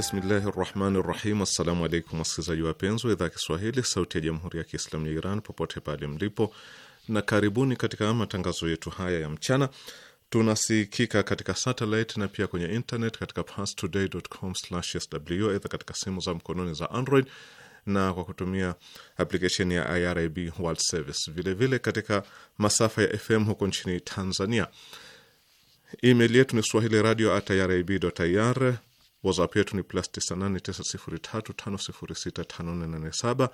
Bismillahi rahmani rahim. Assalamu alaikum wasikilizaji wapenzi wa idhaa ya Kiswahili sauti ya jamhuri ya Kiislamu ya Iran popote pale mlipo, na karibuni katika matangazo yetu haya ya mchana. Tunasikika katika satelit na pia kwenye internet katika parstoday.com/sw, aidha katika simu za mkononi za Android na kwa kutumia application ya IRIB World Service, vilevile vile katika masafa ya FM huko nchini Tanzania. Email yetu ni swahili radio at irib.ir WhatsApp yetu ni plus 989035065487.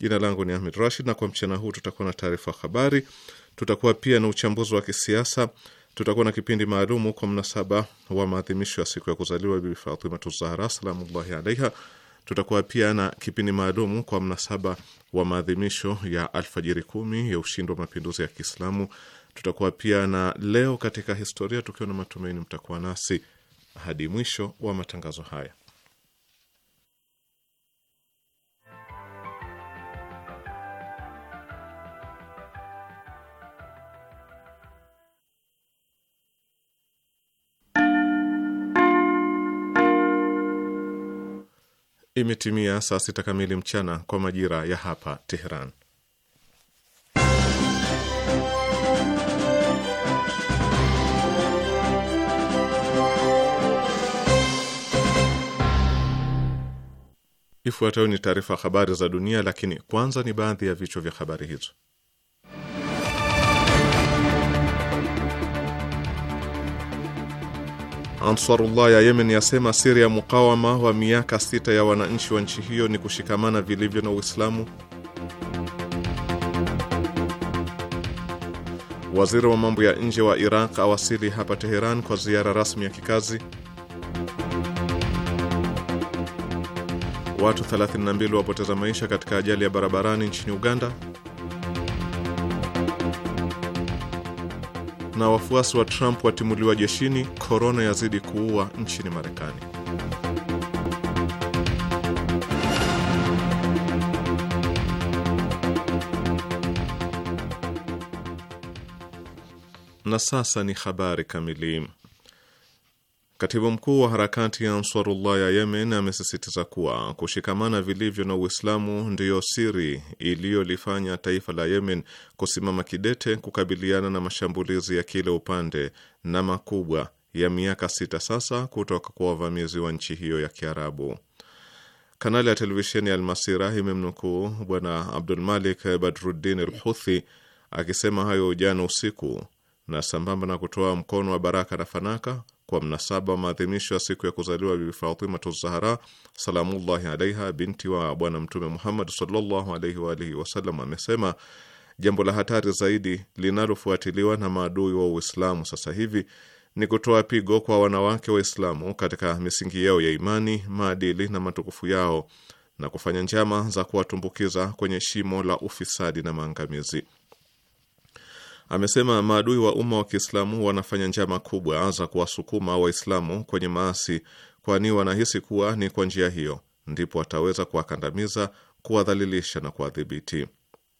Jina langu ni Ahmed Rashid, na kwa mchana huu tutakuwa na taarifa habari, tutakuwa pia na uchambuzi wa kisiasa, tutakuwa na kipindi maalum kwa mnasaba wa maadhimisho ya siku ya kuzaliwa Bibi Fatimatu Zahra salamullahi alaiha. Tutakuwa pia na kipindi maalum kwa mnasaba wa maadhimisho ya alfajiri kumi ya ushindi wa mapinduzi ya Kiislamu. Tutakuwa pia na leo katika historia, tukiwa na matumaini mtakuwa nasi hadi mwisho wa matangazo haya. Imetimia saa sita kamili mchana kwa majira ya hapa Teheran. Ifuatayo ni taarifa habari za dunia, lakini kwanza ni baadhi ya vichwa vya habari hizo. Ansarullah ya Yemen yasema siri ya mukawama wa miaka sita ya wananchi wa nchi hiyo ni kushikamana vilivyo na Uislamu. Waziri wa mambo ya nje wa Iraq awasili hapa Teheran kwa ziara rasmi ya kikazi. Watu 32 wapoteza maisha katika ajali ya barabarani nchini Uganda. Na wafuasi wa Trump watimuliwa jeshini, korona yazidi kuua nchini Marekani. Na sasa ni habari kamili. Katibu mkuu wa harakati ya Ansarullah ya Yemen amesisitiza kuwa kushikamana vilivyo na Uislamu ndiyo siri iliyolifanya taifa la Yemen kusimama kidete kukabiliana na mashambulizi ya kila upande na makubwa ya miaka sita sasa kutoka kwa wavamizi wa nchi hiyo ya Kiarabu. Kanali ya televisheni ya Almasira imemnukuu Bwana Abdul Malik Badruddin al Huthi akisema hayo jana usiku, na sambamba na kutoa mkono wa baraka na fanaka kwa mnasaba wa maadhimisho ya siku ya kuzaliwa Bibi Fatimatu Zahra salamullahi alaiha, binti wa Bwana Mtume Muhammad sallallahu alaihi wa alihi wasallam, amesema jambo la hatari zaidi linalofuatiliwa na maadui wa Uislamu sasa hivi ni kutoa pigo kwa wanawake Waislamu katika misingi yao ya imani, maadili na matukufu yao na kufanya njama za kuwatumbukiza kwenye shimo la ufisadi na maangamizi amesema maadui wa umma wa Kiislamu wanafanya njama kubwa za kuwasukuma Waislamu kwenye maasi, kwani wanahisi kuwa ni kwa njia hiyo ndipo wataweza kuwakandamiza, kuwadhalilisha na kuwadhibiti.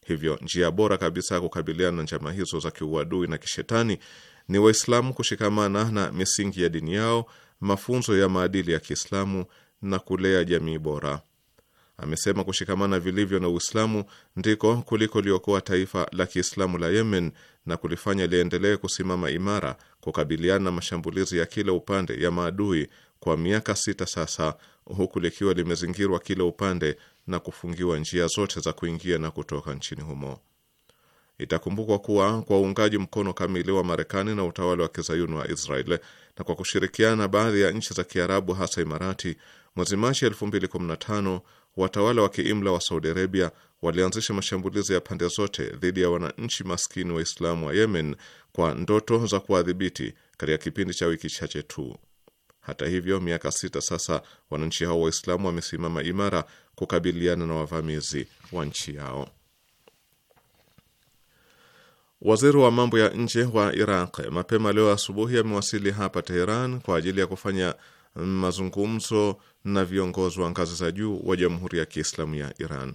Hivyo njia bora kabisa ya kukabiliana na njama hizo za kiuadui na kishetani ni Waislamu kushikamana na misingi ya dini yao, mafunzo ya maadili ya Kiislamu na kulea jamii bora. Amesema kushikamana vilivyo na Uislamu ndiko kuliko liokoa taifa la Kiislamu la Yemen na kulifanya liendelee kusimama imara kukabiliana na mashambulizi ya kila upande ya maadui kwa miaka sita sasa, huku likiwa limezingirwa kila upande na kufungiwa njia zote za kuingia na kutoka nchini humo. Itakumbukwa kuwa kwa uungaji mkono kamili wa Marekani na utawala wa kizayuni wa Israel na kwa kushirikiana na baadhi ya nchi za Kiarabu hasa Imarati, mwezi Machi 2015 watawala wa kiimla wa Saudi Arabia walianzisha mashambulizi ya pande zote dhidi ya wananchi maskini Waislamu wa Yemen kwa ndoto za kuwadhibiti katika kipindi cha wiki chache tu. Hata hivyo, miaka sita sasa wananchi hao Waislamu wamesimama imara kukabiliana na wavamizi wa nchi yao. Waziri wa mambo ya nje wa Iraq mapema leo asubuhi amewasili hapa Teheran kwa ajili ya kufanya mazungumzo na viongozi wa ngazi za juu wa Jamhuri ya Kiislamu ya Iran.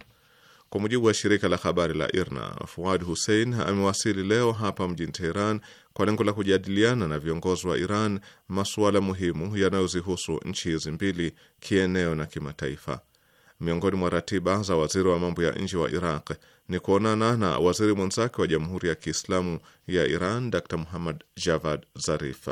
Kwa mujibu wa shirika la habari la IRNA, Fuad Hussein amewasili leo hapa mjini Teheran kwa lengo la kujadiliana na viongozi wa Iran masuala muhimu yanayozihusu nchi hizi mbili kieneo na kimataifa. Miongoni mwa ratiba za waziri wa mambo ya nje wa Iraq ni kuonana na waziri mwenzake wa Jamhuri ya Kiislamu ya Iran Dr Muhammad Javad Zarif.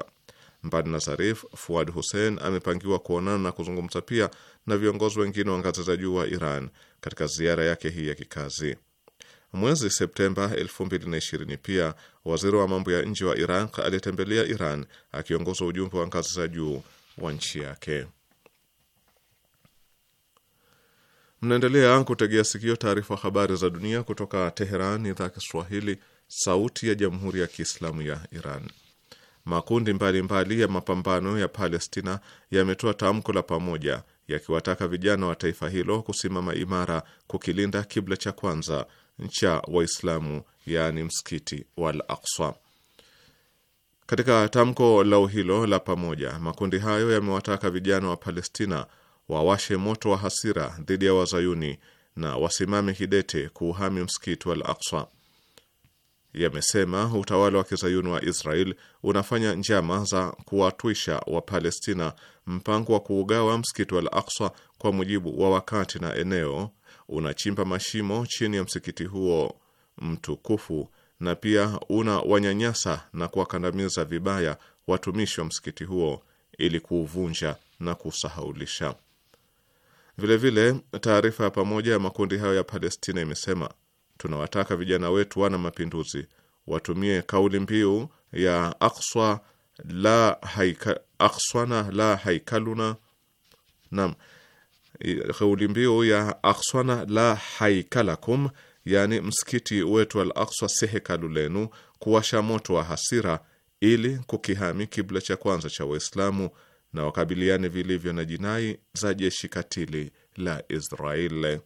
Mbali na Zarif, Fuad Hussein amepangiwa kuonana na kuzungumza pia na viongozi wengine wa ngazi za juu wa Iran katika ziara yake hii ya kikazi. Mwezi Septemba 2020 pia waziri wa mambo ya nje wa Iraq alitembelea Iran akiongoza ujumbe wa ngazi za juu wa nchi yake. Mnaendelea kutegea sikio taarifa habari za dunia kutoka Teheran, idhaa Kiswahili, sauti ya jamhuri ya kiislamu ya Iran. Makundi mbalimbali mbali ya mapambano ya Palestina yametoa tamko la pamoja yakiwataka vijana wa taifa hilo kusimama imara kukilinda kibla cha kwanza cha Waislamu, yaani msikiti wa Al Aqsa. Katika tamko lao hilo la pamoja, makundi hayo yamewataka vijana wa Palestina wawashe moto wa hasira dhidi ya Wazayuni na wasimame kidete kuuhami msikiti wa Al Aqsa yamesema utawala wa kizayuni wa Israel unafanya njama za kuwatwisha Wapalestina mpango wa kuugawa msikiti wa Al kwa mujibu wa wakati na eneo, unachimba mashimo chini ya msikiti huo mtukufu na pia una wanyanyasa na kuwakandamiza vibaya watumishi wa msikiti huo ili kuuvunja na kusahaulisha. Vilevile, taarifa ya pamoja ya makundi hayo ya Palestina imesema tunawataka vijana wetu wana mapinduzi watumie kauli mbiu ya akswa la haika, akswana la haikaluna nam kauli mbiu ya akswana la haikalakum, yani msikiti wetu Al Akswa si hekalu lenu, kuwasha moto wa hasira ili kukihami kibla cha kwanza cha Waislamu na wakabiliane vilivyo na jinai za jeshi katili la Israeli.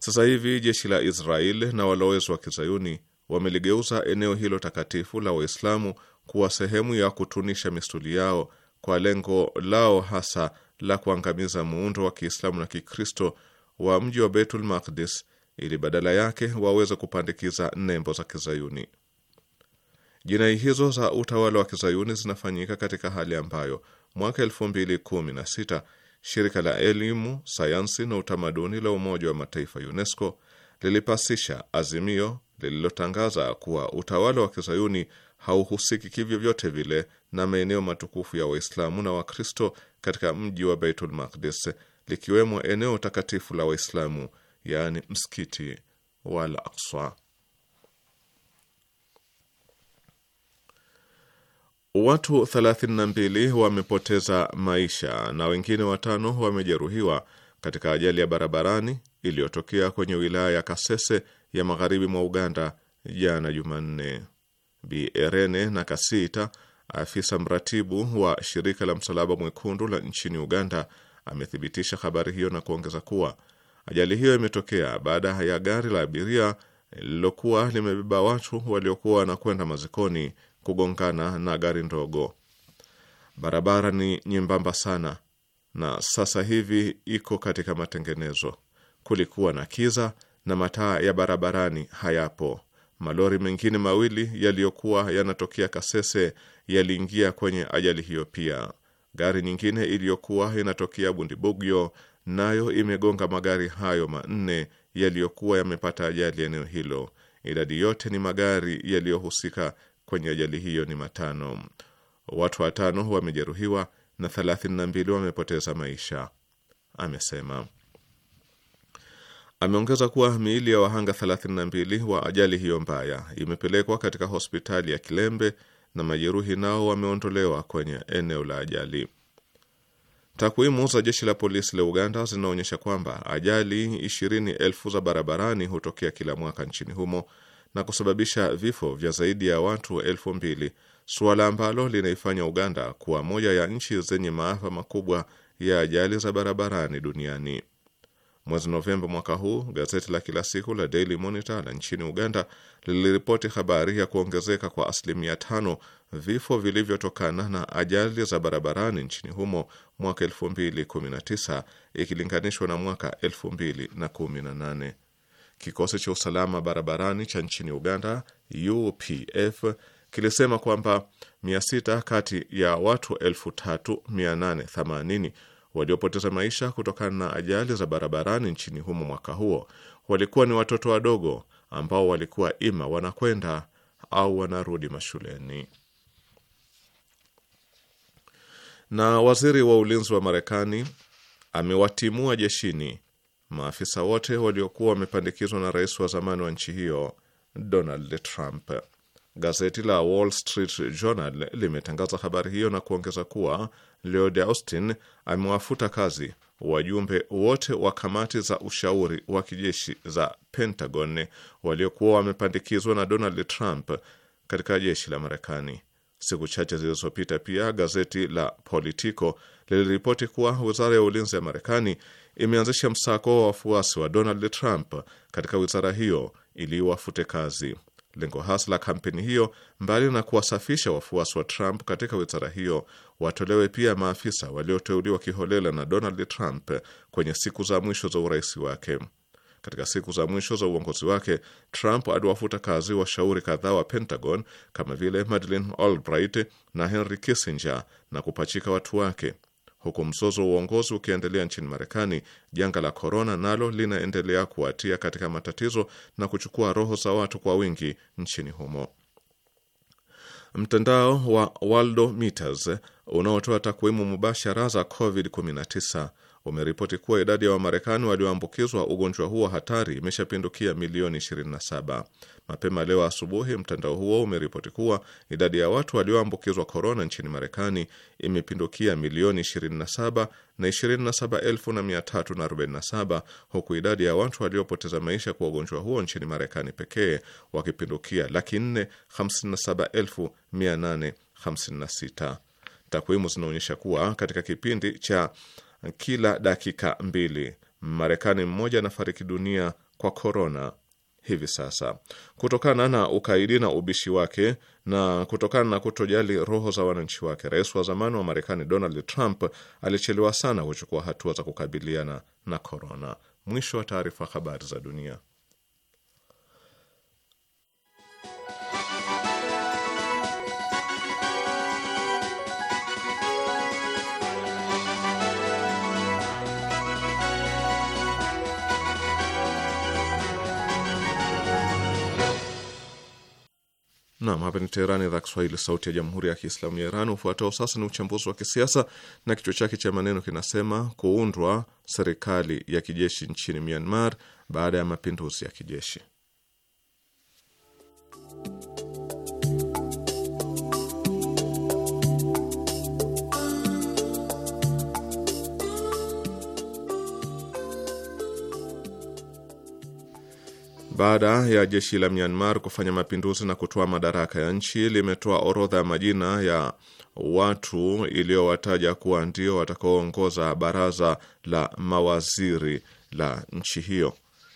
Sasa hivi jeshi la Israeli na walowezi wa kizayuni wameligeuza eneo hilo takatifu la Waislamu kuwa sehemu ya kutunisha misuli yao kwa lengo lao hasa la kuangamiza muundo wa Kiislamu na Kikristo wa mji wa Beitul Maqdis ili badala yake waweze kupandikiza nembo za kizayuni. Jinai hizo za utawala wa kizayuni zinafanyika katika hali ambayo mwaka 2016 shirika la elimu, sayansi na utamaduni la Umoja wa Mataifa UNESCO lilipasisha azimio lililotangaza kuwa utawala wa kizayuni hauhusiki kivyovyote vile na maeneo matukufu ya Waislamu na Wakristo katika mji wa Baitul Maqdis, likiwemo eneo takatifu la Waislamu, yaani msikiti wa Al-Aqsa. Watu 32 wamepoteza maisha na wengine watano wamejeruhiwa katika ajali ya barabarani iliyotokea kwenye wilaya ya Kasese ya magharibi mwa Uganda jana Jumanne. Bi na kasita afisa mratibu wa shirika la Msalaba Mwekundu la nchini Uganda, amethibitisha habari hiyo na kuongeza kuwa ajali hiyo imetokea baada ya gari la abiria lililokuwa limebeba watu waliokuwa wanakwenda mazikoni kugongana na gari ndogo. Barabara ni nyembamba sana na sasa hivi iko katika matengenezo. Kulikuwa na kiza na mataa ya barabarani hayapo. Malori mengine mawili yaliyokuwa yanatokea Kasese yaliingia kwenye ajali hiyo pia. Gari nyingine iliyokuwa inatokea Bundibugyo nayo imegonga magari hayo manne yaliyokuwa yamepata ajali eneo hilo. Idadi yote ni magari yaliyohusika kwenye ajali hiyo ni matano. Watu watano wamejeruhiwa na 32 wamepoteza maisha, amesema. Ameongeza kuwa miili ya wahanga 32 wa ajali hiyo mbaya imepelekwa katika hospitali ya Kilembe na majeruhi nao wameondolewa kwenye eneo la ajali. Takwimu za jeshi la polisi la Uganda zinaonyesha kwamba ajali elfu za barabarani hutokea kila mwaka nchini humo na kusababisha vifo vya zaidi ya watu elfu mbili, suala ambalo linaifanya Uganda kuwa moja ya nchi zenye maafa makubwa ya ajali za barabarani duniani. Mwezi Novemba mwaka huu gazeti la kila siku la Daily Monitor la nchini Uganda liliripoti habari ya kuongezeka kwa asilimia tano vifo vilivyotokana na ajali za barabarani nchini humo mwaka 2019 ikilinganishwa na mwaka 2018. Kikosi cha usalama barabarani cha nchini Uganda, UPF, kilisema kwamba 600 kati ya watu 3880 waliopoteza maisha kutokana na ajali za barabarani nchini humo mwaka huo walikuwa ni watoto wadogo ambao walikuwa ima wanakwenda au wanarudi mashuleni. Na waziri wa ulinzi wa Marekani amewatimua jeshini maafisa wote waliokuwa wamepandikizwa na rais wa zamani wa nchi hiyo Donald Trump. Gazeti la Wall Street Journal limetangaza habari hiyo na kuongeza kuwa Lloyd Austin amewafuta kazi wajumbe wote wa kamati za ushauri wa kijeshi za Pentagon waliokuwa wamepandikizwa na Donald Trump katika jeshi la Marekani. Siku chache zilizopita, pia gazeti la Politico liliripoti kuwa wizara ya ulinzi ya Marekani imeanzisha msako wa wafuasi wa Donald Trump katika wizara hiyo ili wafute kazi. Lengo hasa la kampeni hiyo, mbali na kuwasafisha wafuasi wa Trump katika wizara hiyo, watolewe pia maafisa walioteuliwa kiholela na Donald Trump kwenye siku za mwisho za urais wake. Katika siku za mwisho za uongozi wake, Trump aliwafuta kazi washauri kadhaa wa Pentagon kama vile Madeleine Albright na Henry Kissinger na kupachika watu wake Huku mzozo wa uongozi ukiendelea nchini Marekani, janga la korona nalo linaendelea kuwatia katika matatizo na kuchukua roho za watu kwa wingi nchini humo. Mtandao wa Waldo Meters unaotoa takwimu mubashara za COVID-19 umeripoti kuwa idadi ya Wamarekani walioambukizwa ugonjwa huo hatari imeshapindukia milioni 27. Mapema leo asubuhi, mtandao huo umeripoti kuwa idadi ya watu walioambukizwa korona nchini Marekani imepindukia milioni 27 na 27347 huku idadi ya watu waliopoteza maisha kwa ugonjwa huo nchini Marekani pekee wakipindukia laki 457,856. Takwimu zinaonyesha kuwa katika kipindi cha kila dakika mbili. Marekani mmoja anafariki dunia kwa korona hivi sasa kutokana na ukaidi na ubishi wake na kutokana na kutojali roho za wananchi wake. Rais wa zamani wa Marekani Donald Trump alichelewa sana kuchukua hatua za kukabiliana na korona. Mwisho wa taarifa. Habari za dunia. Nam, hapa ni Teherani, idhaa Kiswahili, sauti ya jamhuri ya kiislamu ya Iran. Ufuatao sasa ni uchambuzi wa kisiasa na kichwa chake cha maneno kinasema kuundwa serikali ya kijeshi nchini Myanmar baada ya mapinduzi ya kijeshi. baada ya jeshi la Myanmar kufanya mapinduzi na kutoa madaraka ya nchi, limetoa orodha ya majina ya watu iliyowataja kuwa ndio watakaoongoza baraza la mawaziri la nchi hiyo.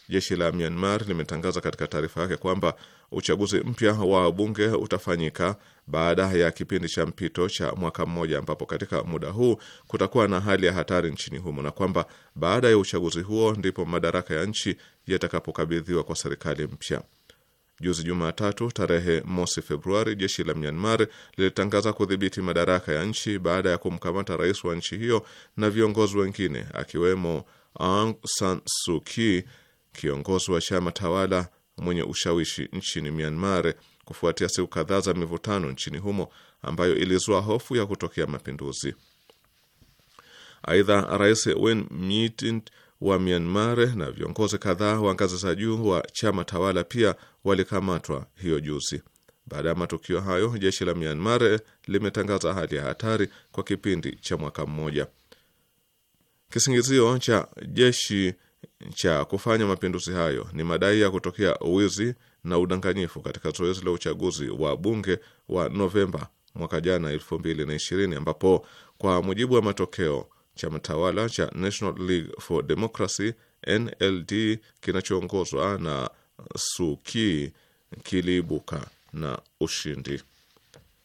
Jeshi la Myanmar limetangaza katika taarifa yake kwamba uchaguzi mpya wa bunge utafanyika baada ya kipindi cha mpito cha mwaka mmoja, ambapo katika muda huu kutakuwa na hali ya hatari nchini humo, na kwamba baada ya uchaguzi huo ndipo madaraka ya nchi yatakapokabidhiwa kwa serikali mpya. Juzi Jumatatu, tarehe mosi Februari, jeshi la Myanmar lilitangaza kudhibiti madaraka ya nchi baada ya kumkamata rais wa nchi hiyo na viongozi wengine akiwemo Aung San Suu Kyi, kiongozi wa chama tawala mwenye ushawishi nchini Myanmar kufuatia siku kadhaa za mivutano nchini humo ambayo ilizua hofu ya kutokea mapinduzi. Aidha, Rais Win Myint wa Myanmar na viongozi kadhaa wa ngazi za juu wa chama tawala pia walikamatwa hiyo juzi. Baada ya matukio hayo, jeshi la Myanmar limetangaza hali ya hatari kwa kipindi cha mwaka mmoja. Kisingizio cha jeshi cha kufanya mapinduzi hayo ni madai ya kutokea wizi na udanganyifu katika zoezi la uchaguzi wa bunge wa Novemba mwaka jana 2020, ambapo kwa mujibu wa matokeo chama tawala cha National League for Democracy NLD kinachoongozwa na Suki kiliibuka na ushindi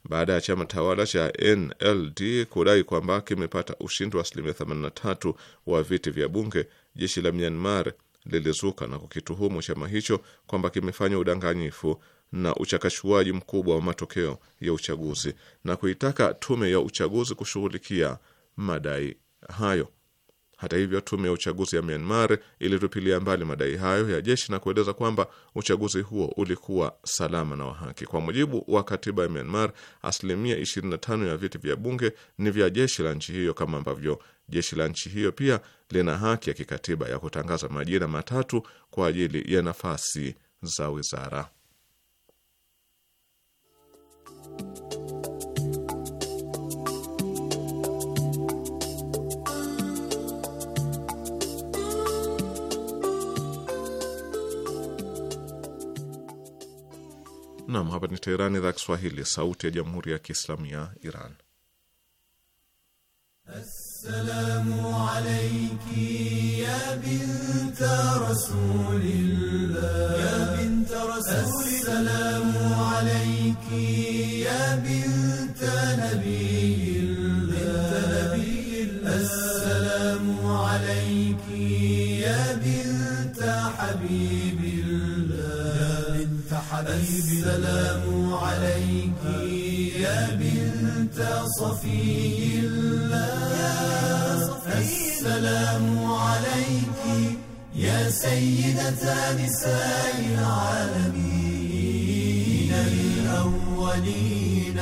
baada ya chama tawala cha NLD kudai kwamba kimepata ushindi wa asilimia 83 wa viti vya bunge. Jeshi la Myanmar lilizuka na kukituhumu chama hicho kwamba kimefanya udanganyifu na uchakachuaji mkubwa wa matokeo ya uchaguzi na kuitaka tume ya uchaguzi kushughulikia madai hayo. Hata hivyo, tume ya uchaguzi ya Myanmar ilitupilia mbali madai hayo ya jeshi na kueleza kwamba uchaguzi huo ulikuwa salama na wa haki. Kwa mujibu wa katiba ya Myanmar, asilimia 25 ya viti vya bunge ni vya jeshi la nchi hiyo, kama ambavyo jeshi la nchi hiyo pia lina haki ya kikatiba ya kutangaza majina matatu kwa ajili ya nafasi za wizara. Nam, hapa ni Teherani, idhaa Kiswahili, sauti ya jamhuri ya kiislamu ya Iran. السلام عليك يا بنت رسول الله يا بنت رسول السلام عليك يا بنت نبي الله نبي السلام عليك يا بنت حبيب الله يا بنت حبيب السلام عليك يا بنت صفي السلام عليك يا سيدة نساء العالمين الأولين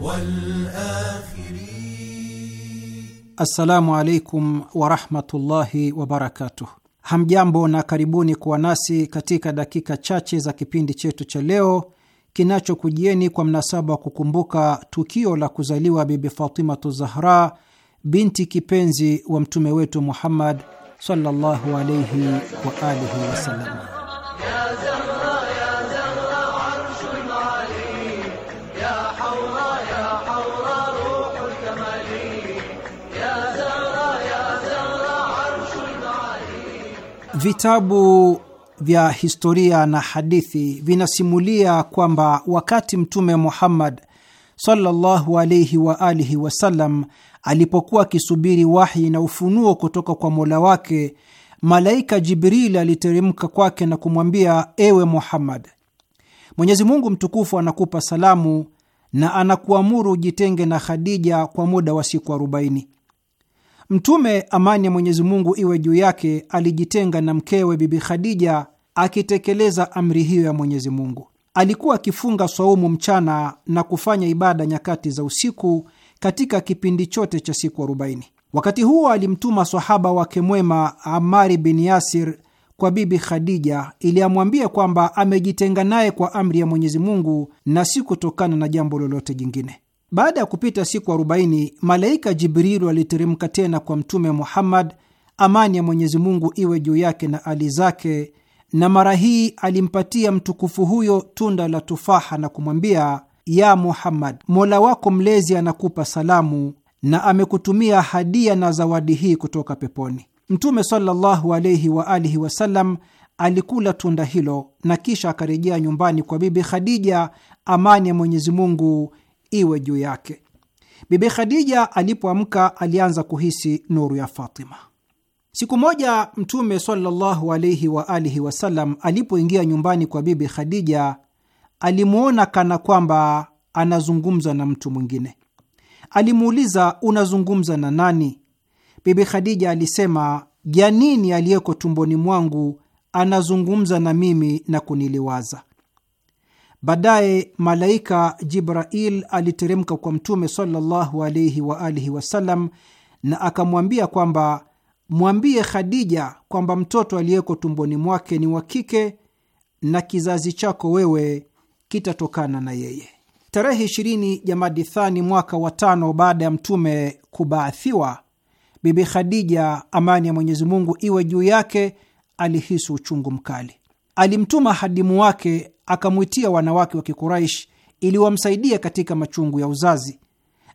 والآخرين السلام عليكم ورحمة الله وبركاته Hamjambo na karibuni kuwa nasi katika dakika chache za kipindi chetu cha leo kinachokujieni kwa mnasaba wa kukumbuka tukio la kuzaliwa Bibi Fatimatu Zahra binti kipenzi wa mtume wetu Muhammad sallallahu alayhi wa alihi wasallam. Vitabu vya historia na hadithi vinasimulia kwamba wakati Mtume Muhammad sallallahu alaihi wa alihi wasallam alipokuwa akisubiri wahi na ufunuo kutoka kwa Mola wake, malaika Jibril aliteremka kwake na kumwambia, ewe Muhammad, Mwenyezi Mungu mtukufu anakupa salamu na anakuamuru ujitenge na Khadija kwa muda wa siku arobaini. Mtume, amani ya Mwenyezi Mungu iwe juu yake, alijitenga na mkewe Bibi Khadija akitekeleza amri hiyo ya Mwenyezi Mungu. Alikuwa akifunga swaumu mchana na kufanya ibada nyakati za usiku katika kipindi chote cha siku arobaini. Wakati huo alimtuma sahaba wake mwema Amari bin Yasir kwa Bibi Khadija ili amwambie kwamba amejitenga naye kwa amri ya Mwenyezi Mungu na si kutokana na jambo lolote jingine. Baada ya kupita siku 40, malaika Jibrilu aliteremka tena kwa Mtume Muhammad, amani ya Mwenyezi Mungu iwe juu yake na ali zake, na mara hii alimpatia mtukufu huyo tunda la tufaha na kumwambia ya Muhammad, mola wako mlezi anakupa salamu na amekutumia hadia na zawadi hii kutoka peponi. Mtume sallallahu wa alihi wasallam alikula tunda hilo na kisha akarejea nyumbani kwa Bibi Khadija, amani ya Mwenyezi Mungu iwe juu yake. Bibi Khadija alipoamka alianza kuhisi nuru ya Fatima. Siku moja Mtume sallallahu alaihi wa alihi wasallam alipoingia nyumbani kwa Bibi Khadija alimwona kana kwamba anazungumza na mtu mwingine. Alimuuliza, unazungumza na nani? Bibi Khadija alisema, janini aliyeko tumboni mwangu anazungumza na mimi na kuniliwaza. Baadaye malaika Jibrail aliteremka kwa Mtume sallallahu alaihi wa alihi wasallam na akamwambia kwamba mwambie Khadija kwamba mtoto aliyeko tumboni mwake ni wa kike na kizazi chako wewe kitatokana na yeye. Tarehe ishirini Jamadi Thani mwaka wa tano baada ya Mtume kubaathiwa, Bibi Khadija, amani ya Mwenyezi Mungu iwe juu yake, alihisi uchungu mkali. Alimtuma hadimu wake akamwitia wanawake wa Kikuraish ili wamsaidie katika machungu ya uzazi.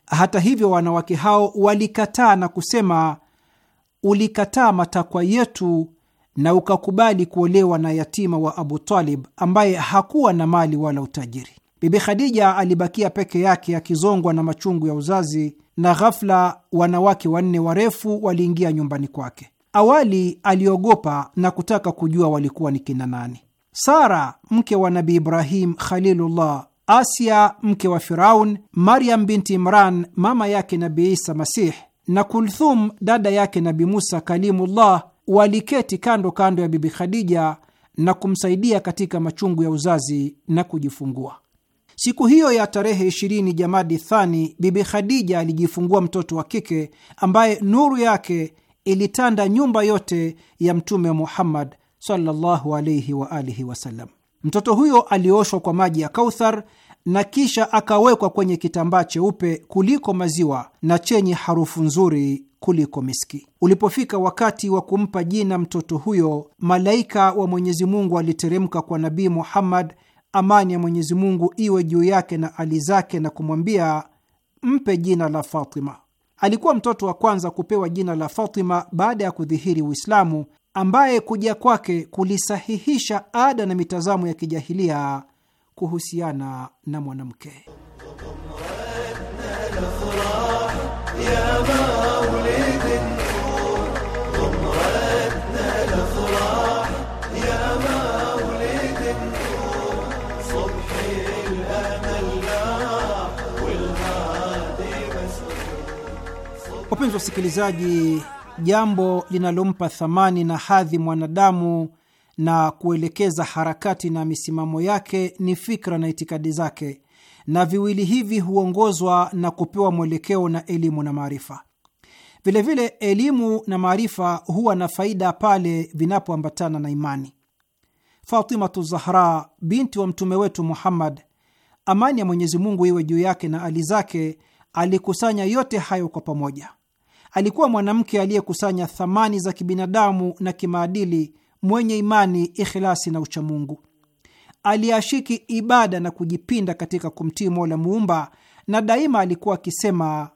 Hata hivyo, wanawake hao walikataa na kusema, ulikataa matakwa yetu na ukakubali kuolewa na yatima wa Abu Talib ambaye hakuwa na mali wala utajiri. Bibi Khadija alibakia peke yake akizongwa ya na machungu ya uzazi, na ghafla wanawake wanne warefu waliingia nyumbani kwake. Awali aliogopa na kutaka kujua walikuwa ni kina nani. Sara mke wa Nabi Ibrahim Khalilullah, Asia mke wa Firaun, Maryam binti Imran mama yake Nabi Isa Masih, na Kulthum dada yake Nabi Musa Kalimullah waliketi kando kando ya Bibi Khadija na kumsaidia katika machungu ya uzazi na kujifungua. Siku hiyo ya tarehe 20 Jamadi Thani, Bibi Khadija alijifungua mtoto wa kike ambaye nuru yake ilitanda nyumba yote ya Mtume Muhammad sallallahu alaihi wa alihi wasallam. Mtoto huyo alioshwa kwa maji ya Kauthar na kisha akawekwa kwenye kitambaa cheupe kuliko maziwa na chenye harufu nzuri kuliko miski. Ulipofika wakati wa kumpa jina mtoto huyo, malaika wa Mwenyezi Mungu aliteremka kwa Nabii Muhammad, amani ya Mwenyezi Mungu iwe juu yake na ali zake, na kumwambia mpe jina la Fatima. Alikuwa mtoto wa kwanza kupewa jina la Fatima baada ya kudhihiri Uislamu, ambaye kuja kwake kulisahihisha ada na mitazamo ya kijahilia kuhusiana na mwanamke. Wapenzi wasikilizaji, jambo linalompa thamani na hadhi mwanadamu na kuelekeza harakati na misimamo yake ni fikra na itikadi zake, na viwili hivi huongozwa na kupewa mwelekeo na elimu na maarifa. Vilevile elimu na maarifa huwa na faida pale vinapoambatana na imani. Fatimatu Zahra binti wa mtume wetu Muhammad, amani ya Mwenyezi Mungu iwe juu yake na ali zake, alikusanya yote hayo kwa pamoja. Alikuwa mwanamke aliyekusanya thamani za kibinadamu na kimaadili mwenye imani, ikhilasi na uchamungu. Aliashiki ibada na kujipinda katika kumtii Mola Muumba, na daima alikuwa akisema,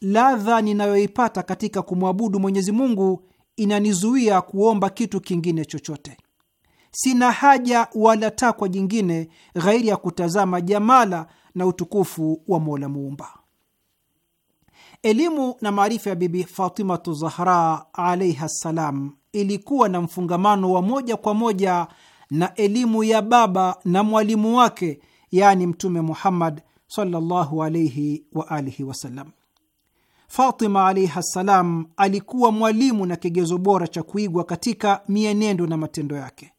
ladha ninayoipata katika kumwabudu Mwenyezi Mungu inanizuia kuomba kitu kingine chochote. Sina haja wala takwa jingine ghairi ya kutazama jamala na utukufu wa Mola Muumba. Elimu na maarifa ya Bibi Fatimatu Zahra alaiha ssalam ilikuwa na mfungamano wa moja kwa moja na elimu ya baba na mwalimu wake, yaani Mtume Muhammad sallallahu wa alihi wasallam. Fatima alaihi ssalam alikuwa mwalimu na kigezo bora cha kuigwa katika mienendo na matendo yake.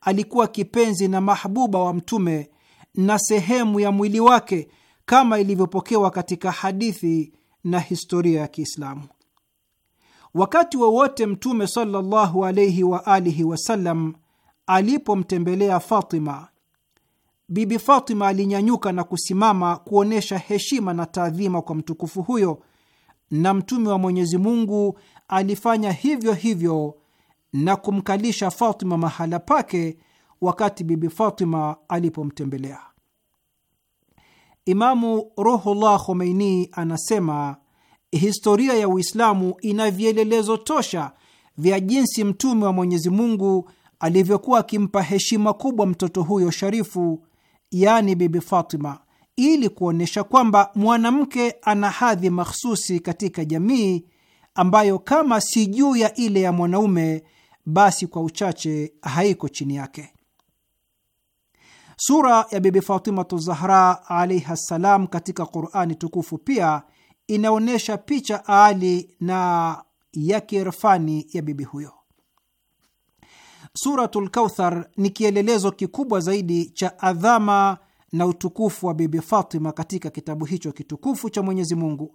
Alikuwa kipenzi na mahbuba wa Mtume na sehemu ya mwili wake kama ilivyopokewa katika hadithi na historia ya Kiislamu. Wakati wowote wa Mtume sallallahu alaihi wa alihi wasallam alipomtembelea Fatima, Bibi Fatima alinyanyuka na kusimama kuonyesha heshima na taadhima kwa mtukufu huyo, na Mtume wa Mwenyezi Mungu alifanya hivyo hivyo na kumkalisha Fatima mahala pake wakati Bibi Fatima alipomtembelea. Imamu Ruhullah Khomeini anasema historia ya Uislamu ina vielelezo tosha vya jinsi Mtume wa Mwenyezi Mungu alivyokuwa akimpa heshima kubwa mtoto huyo sharifu, yani Bibi Fatima, ili kuonyesha kwamba mwanamke ana hadhi mahsusi katika jamii ambayo kama si juu ya ile ya mwanaume basi kwa uchache haiko chini yake. Sura ya Bibi Fatimatu Zahra alaihi ssalam katika Qurani tukufu pia inaonyesha picha aali na ya kierfani ya bibi huyo. Suratul Kauthar ni kielelezo kikubwa zaidi cha adhama na utukufu wa Bibi Fatima katika kitabu hicho kitukufu cha Mwenyezi Mungu.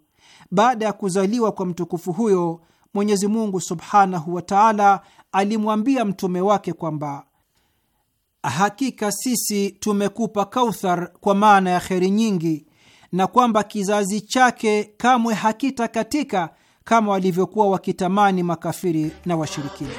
Baada ya kuzaliwa kwa mtukufu huyo, Mwenyezi Mungu subhanahu wa taala alimwambia mtume wake kwamba hakika sisi tumekupa Kauthar kwa maana ya kheri nyingi na kwamba kizazi chake kamwe hakitakatika kama walivyokuwa wakitamani makafiri na washirikina.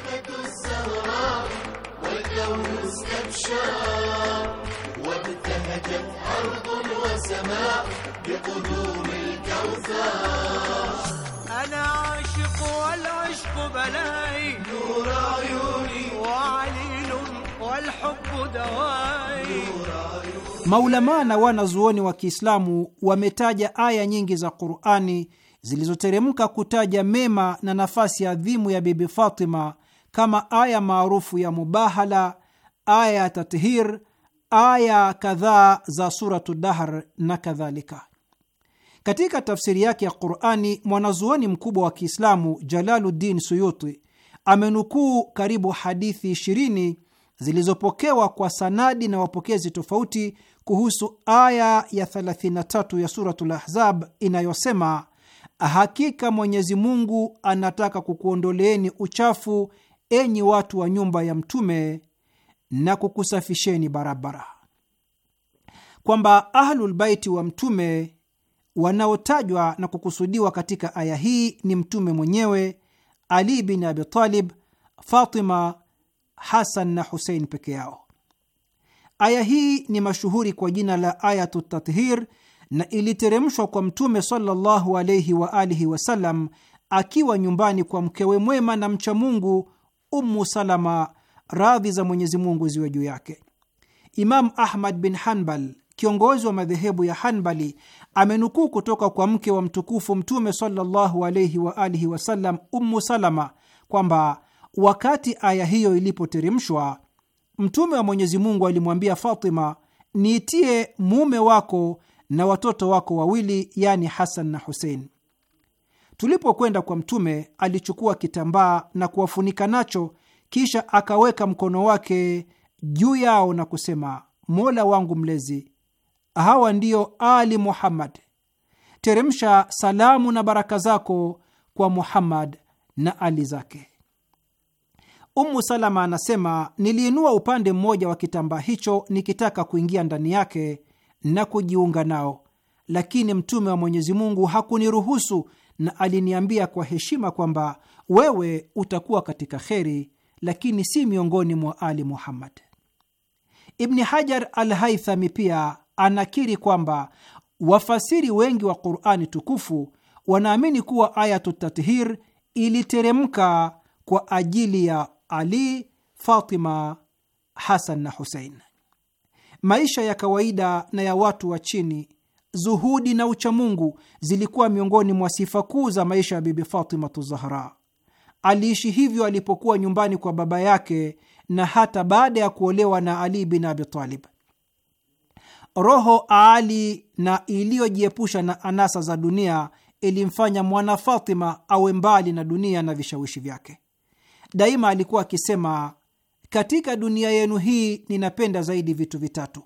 Maulamaa na wanazuoni wa Kiislamu wametaja aya nyingi za Qurani zilizoteremka kutaja mema na nafasi adhimu ya Bibi Fatima kama aya maarufu ya Mubahala, aya ya Tathir, aya kadhaa za Suratu Dahr na kadhalika. Katika tafsiri yake ya Qurani, mwanazuoni mkubwa wa Kiislamu Jalaluddin Suyuti amenukuu karibu hadithi 20 zilizopokewa kwa sanadi na wapokezi tofauti kuhusu aya ya 33 ya Suratul Ahzab inayosema, hakika Mwenyezi Mungu anataka kukuondoleeni uchafu, enyi watu wa nyumba ya Mtume, na kukusafisheni barabara, kwamba Ahlulbaiti wa Mtume wanaotajwa na kukusudiwa katika aya hii ni Mtume mwenyewe, Ali bin Abi Talib, Fatima, Hasan na Husein peke yao. Aya hii ni mashuhuri kwa jina la Ayatu Tathir na iliteremshwa kwa Mtume sallallahu alaihi wa alihi wasallam akiwa nyumbani kwa mkewe mwema na mcha Mungu Ummu Salama, radhi za Mwenyezi Mungu ziwe juu yake. Imam Ahmad bin Hanbal, kiongozi wa madhehebu ya Hanbali, amenukuu kutoka kwa mke wa mtukufu Mtume sallallahu alaihi wa alihi wasallam Ummu Salama kwamba wakati aya hiyo ilipoteremshwa Mtume wa Mwenyezi Mungu alimwambia Fatima, niitie mume wako na watoto wako wawili, yani Hasan na Husein. Tulipokwenda kwa Mtume alichukua kitambaa na kuwafunika nacho, kisha akaweka mkono wake juu yao na kusema, Mola wangu Mlezi, hawa ndiyo Ali Muhammad, teremsha salamu na baraka zako kwa Muhammad na Ali zake. Umu Salama anasema niliinua upande mmoja wa kitambaa hicho nikitaka kuingia ndani yake na kujiunga nao, lakini Mtume wa Mwenyezi Mungu hakuniruhusu na aliniambia kwa heshima kwamba wewe utakuwa katika kheri, lakini si miongoni mwa Ali Muhammad. Ibni Hajar al Haithami pia anakiri kwamba wafasiri wengi wa Qurani tukufu wanaamini kuwa Ayatu Tathir iliteremka kwa ajili ya ali, Fatima, Hasan na Husein. Maisha ya kawaida na ya watu wa chini, zuhudi na uchamungu zilikuwa miongoni mwa sifa kuu za maisha ya Bibi Fatimatu Zahra. Aliishi hivyo alipokuwa nyumbani kwa baba yake na hata baada ya kuolewa na Ali bin Abi Talib. Roho aali na iliyojiepusha na anasa za dunia ilimfanya mwana Fatima awe mbali na dunia na vishawishi vyake. Daima alikuwa akisema, katika dunia yenu hii ninapenda zaidi vitu vitatu: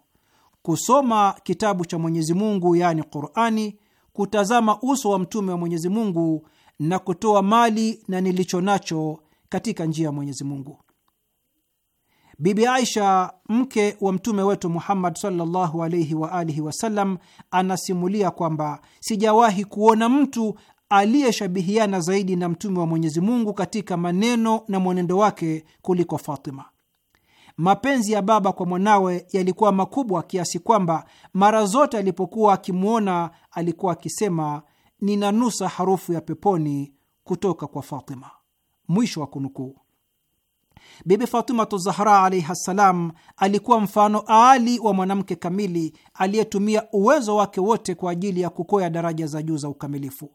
kusoma kitabu cha Mwenyezi Mungu, yaani Qurani, kutazama uso wa mtume wa Mwenyezi Mungu na kutoa mali na nilicho nacho katika njia ya Mwenyezi Mungu. Bibi Aisha, mke wa mtume wetu Muhammad sallallahu alaihi wa alihi wasallam, anasimulia kwamba sijawahi kuona mtu aliyeshabihiana zaidi na mtume wa Mwenyezi Mungu katika maneno na mwenendo wake kuliko Fatima. Mapenzi ya baba kwa mwanawe yalikuwa makubwa kiasi kwamba mara zote alipokuwa akimwona alikuwa akisema, ninanusa harufu ya peponi kutoka kwa Fatima. Mwisho wa kunukuu. Bibi Fatimatu Zahra alaihi ssalam alikuwa mfano aali wa mwanamke kamili aliyetumia uwezo wake wote kwa ajili ya kukoya daraja za juu za ukamilifu.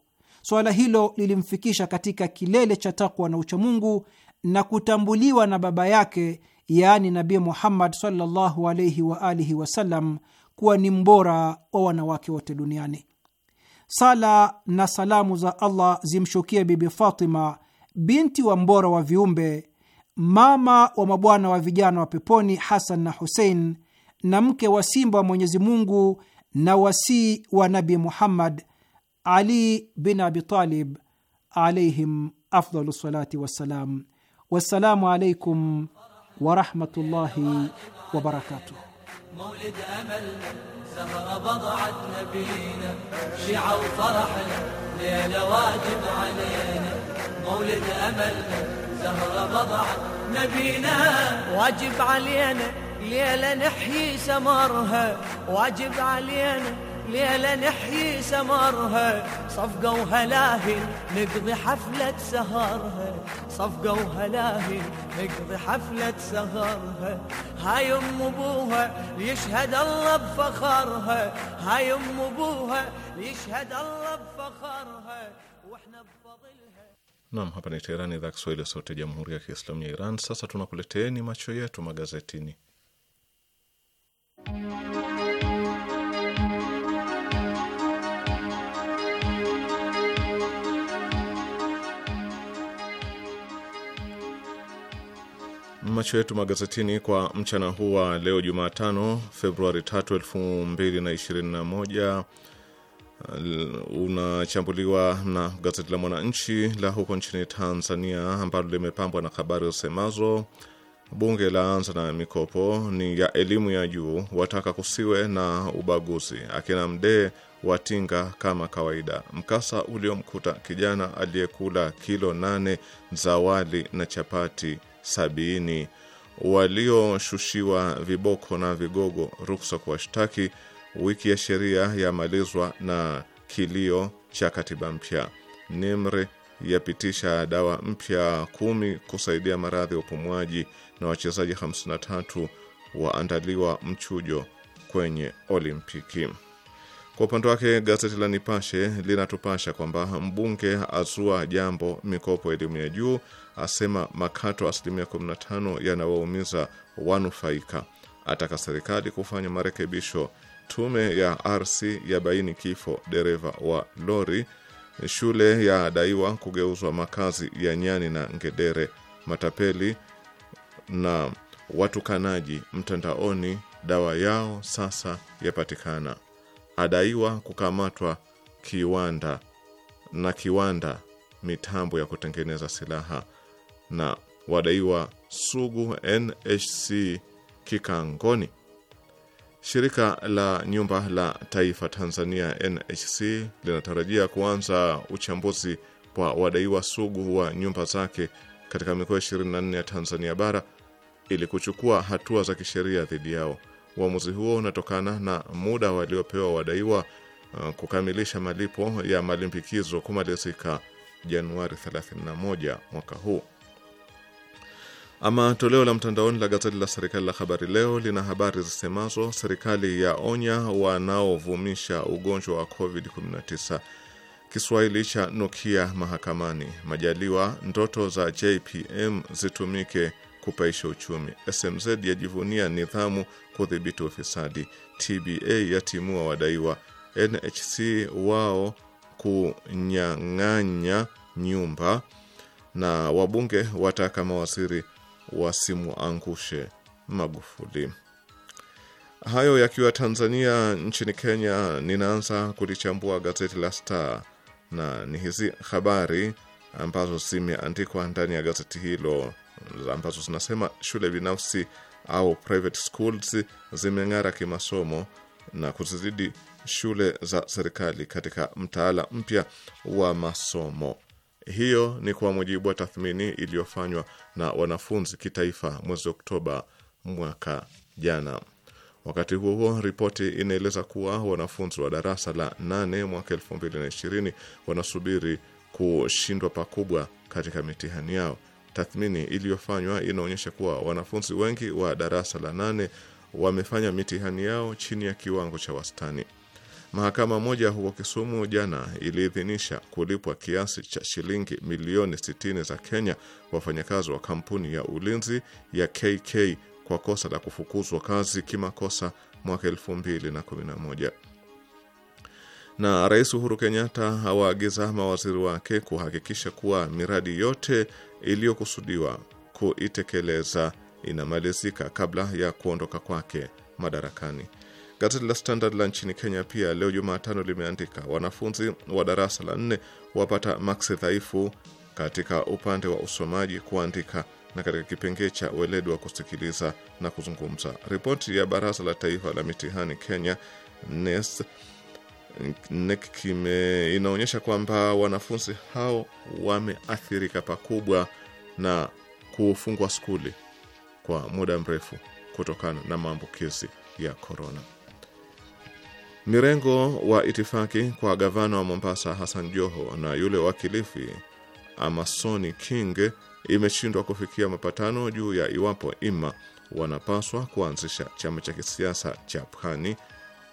Swala hilo lilimfikisha katika kilele cha takwa na uchamungu na kutambuliwa na baba yake, yaani Nabii Muhammad sallallahu alaihi wa alihi wasallam kuwa ni mbora wa wanawake wote duniani. Sala na salamu za Allah zimshukie Bibi Fatima, binti wa mbora wa viumbe, mama wa mabwana wa vijana wa peponi Hasan na Husein, na mke wa simba wa Mwenyezi Mungu na wasii wa Nabi Muhammad علي بن أبي طالب عليهم أفضل الصلاة والسلام والسلام عليكم ورحمة الله وبركاته مولد أمل سهرة بضعت نبينا شيعة وفرحنا ليلة واجب علينا مولد أمل سهرة بضعت نبينا واجب علينا ليلة نحيي سمرها واجب علينا ليلة نحيي سمرها صفقة وهلاهي نقضي حفلة سهرها صفقة وهلاهي نقضي حفلة سهرها هاي ام ابوها ليشهد الله بفخرها هاي ام ابوها ليشهد الله بفخرها واحنا بفضلها نعم hapa ni Teherani, idhaa Kiswahili, sauti ya jamhuri ya kiislamu ya Iran. Sasa tunakuleteeni macho yetu magazetini. macho yetu magazetini kwa mchana huu wa leo Jumatano, Februari 3, 2021 unachambuliwa na gazeti la Mwananchi la huko nchini Tanzania, ambalo limepambwa na habari zisemazo bunge laanza na mikopo ni ya elimu ya juu, wataka kusiwe na ubaguzi, akina Mdee watinga kama kawaida, mkasa uliomkuta kijana aliyekula kilo nane za wali na chapati sabini walioshushiwa viboko na vigogo ruksa kuwashtaki. Wiki ya sheria yamalizwa na kilio cha katiba mpya. Nimri yapitisha dawa mpya kumi kusaidia maradhi ya upumuaji, na wachezaji 53 waandaliwa mchujo kwenye Olimpiki. Kwa upande wake gazeti la Nipashe linatupasha kwamba mbunge azua jambo mikopo elimu ya juu, asema makato asilimia 15 yanawaumiza wanufaika, ataka serikali kufanya marekebisho. Tume ya RC ya baini kifo dereva wa lori. Shule yadaiwa kugeuzwa makazi ya nyani na ngedere. Matapeli na watukanaji mtandaoni dawa yao sasa yapatikana. Adaiwa kukamatwa kiwanda na kiwanda mitambo ya kutengeneza silaha na wadaiwa sugu NHC kikangoni. Shirika la nyumba la taifa Tanzania NHC linatarajia kuanza uchambuzi wa wadaiwa sugu wa nyumba zake katika mikoa 24 ya Tanzania bara ili kuchukua hatua za kisheria dhidi yao. Uamuzi huo unatokana na muda waliopewa wadaiwa uh, kukamilisha malipo ya malimbikizo kumalizika Januari 31 mwaka huu. Ama toleo la mtandaoni la gazeti la serikali la Habari Leo lina habari zisemazo serikali ya onya wanaovumisha ugonjwa wa COVID-19, Kiswahili cha nukia mahakamani, Majaliwa ndoto za JPM zitumike kupaisha uchumi, SMZ yajivunia nidhamu kudhibiti ufisadi, TBA yatimua wadaiwa, NHC wao kunyang'anya nyumba, na wabunge wataka mawaziri wasimwangushe Magufuli. Hayo yakiwa Tanzania. Nchini Kenya, ninaanza kulichambua gazeti la Star na ni hizi habari ambazo zimeandikwa ndani ya gazeti hilo ambazo zinasema shule binafsi au private schools zimeng'ara kimasomo na kuzizidi shule za serikali katika mtaala mpya wa masomo. Hiyo ni kwa mujibu wa tathmini iliyofanywa na wanafunzi kitaifa mwezi Oktoba mwaka jana. Wakati huo huo, ripoti inaeleza kuwa wanafunzi wa darasa la 8 mwaka 2020 wanasubiri kushindwa pakubwa katika mitihani yao. Tathmini iliyofanywa inaonyesha kuwa wanafunzi wengi wa darasa la 8 wamefanya mitihani yao chini ya kiwango cha wastani. Mahakama moja huko Kisumu jana iliidhinisha kulipwa kiasi cha shilingi milioni 60 za Kenya kwa wafanyakazi wa kampuni ya ulinzi ya KK kwa kosa la kufukuzwa kazi kimakosa mwaka 2011 na Rais Uhuru Kenyatta awaagiza mawaziri wake kuhakikisha kuwa miradi yote iliyokusudiwa kuitekeleza inamalizika kabla ya kuondoka kwake madarakani. Gazeti la Standard la nchini Kenya pia leo Jumatano limeandika wanafunzi wa darasa la nne wapata maksi dhaifu katika upande wa usomaji, kuandika na katika kipengee cha weledi wa kusikiliza na kuzungumza. Ripoti ya Baraza la Taifa la Mitihani Kenya NES nekime inaonyesha kwamba wanafunzi hao wameathirika pakubwa na kufungwa skuli kwa muda mrefu kutokana na maambukizi ya korona. Mirengo wa itifaki kwa gavana wa Mombasa Hassan Joho na yule wa Kilifi Amasoni King imeshindwa kufikia mapatano juu ya iwapo ima wanapaswa kuanzisha chama cha kisiasa cha Pwani,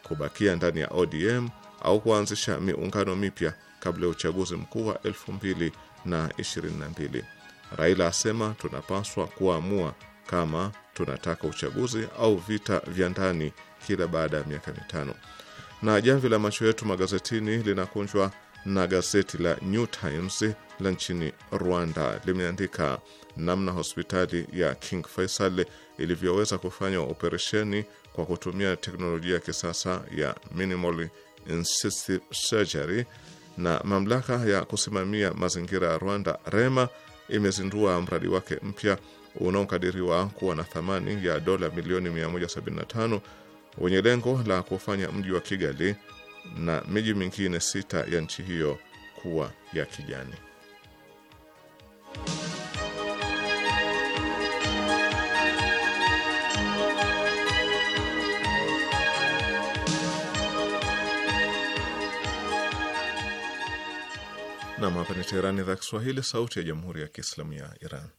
kubakia ndani ya ODM au kuanzisha miungano mipya kabla ya uchaguzi mkuu wa 2022. Raila asema tunapaswa kuamua kama tunataka uchaguzi au vita vya ndani kila baada ya miaka mitano na jamvi la macho yetu magazetini linakunjwa na gazeti la New Times la nchini Rwanda. Limeandika namna hospitali ya King Faisal ilivyoweza kufanya operesheni kwa kutumia teknolojia ya kisasa ya minimal invasive surgery, na mamlaka ya kusimamia mazingira ya Rwanda REMA imezindua mradi wake mpya unaokadiriwa kuwa na thamani ya dola milioni 175 wenye lengo la kufanya mji wa Kigali na miji mingine sita ya nchi hiyo kuwa ya kijani. Nam, hapa ni Teherani, idhaa Kiswahili, sauti ya jamhuri ya kiislamu ya Iran.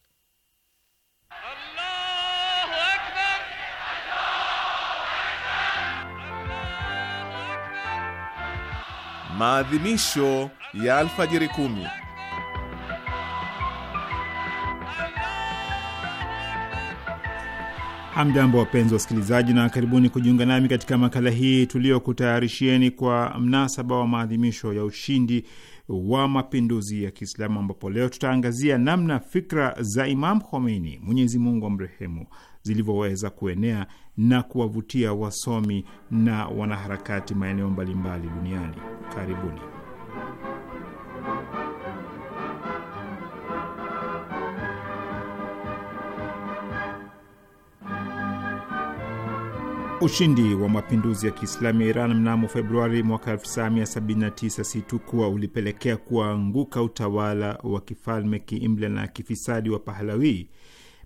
Maadhimisho ya alfajiri kumi. Hamjambo, wapenzi wa wasikilizaji, na karibuni kujiunga nami katika makala hii tuliyokutayarishieni kwa mnasaba wa maadhimisho ya ushindi wa mapinduzi ya Kiislamu, ambapo leo tutaangazia namna fikra za Imam Khomeini, Mwenyezi Mungu amrehemu, zilivyoweza kuenea na kuwavutia wasomi na wanaharakati maeneo mbalimbali duniani. Karibuni. Ushindi wa mapinduzi ya Kiislamu ya Iran mnamo Februari mwaka 1979 si tu kuwa ulipelekea kuanguka utawala wa kifalme kiimla na kifisadi wa Pahlawi,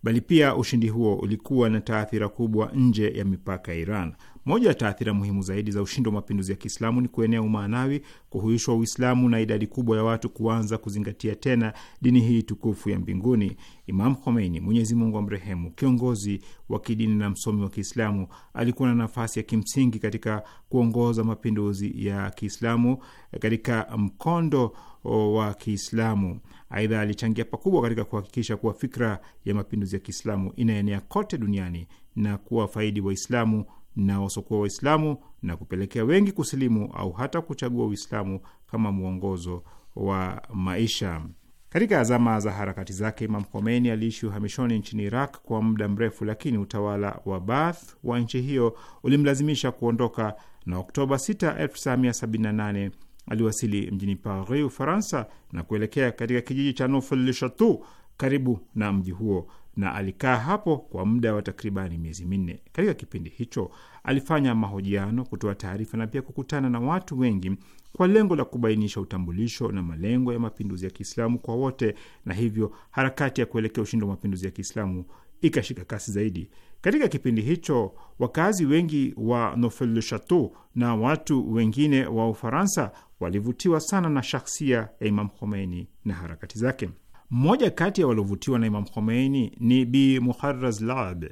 bali pia ushindi huo ulikuwa na taathira kubwa nje ya mipaka ya Iran. Moja ya taathira muhimu zaidi za ushindi wa mapinduzi ya Kiislamu ni kuenea umaanawi, kuhuishwa Uislamu na idadi kubwa ya watu kuanza kuzingatia tena dini hii tukufu ya mbinguni. Imam Khomeini, Mwenyezi Mungu mrehemu kiongozi wa kidini na msomi wa Kiislamu, alikuwa na nafasi ya kimsingi katika kuongoza mapinduzi ya Kiislamu eh, katika mkondo wa Kiislamu. Aidha, alichangia pakubwa katika kuhakikisha kuwa fikra ya mapinduzi ya Kiislamu inaenea kote duniani na kuwafaidi Waislamu na wasokuwa Waislamu na kupelekea wengi kusilimu au hata kuchagua Uislamu kama mwongozo wa maisha. Katika azama za harakati zake, Imam Khomeini aliishi uhamishoni nchini Iraq kwa muda mrefu, lakini utawala wa Baath wa nchi hiyo ulimlazimisha kuondoka, na Oktoba 6, 1978 aliwasili mjini Paris, Ufaransa, na kuelekea katika kijiji cha Nofl Chateau karibu na mji huo na alikaa hapo kwa muda wa takribani miezi minne. Katika kipindi hicho alifanya mahojiano, kutoa taarifa na pia kukutana na watu wengi kwa lengo la kubainisha utambulisho na malengo ya mapinduzi ya Kiislamu kwa wote, na hivyo harakati ya kuelekea ushindi wa mapinduzi ya Kiislamu ikashika kasi zaidi. Katika kipindi hicho wakazi wengi wa Nofel le Chateau na watu wengine wa Ufaransa walivutiwa sana na shakhsia ya Imam Khomeini na harakati zake. Mmoja kati ya waliovutiwa na Imam Khomeini ni Bi Muharraz Lab.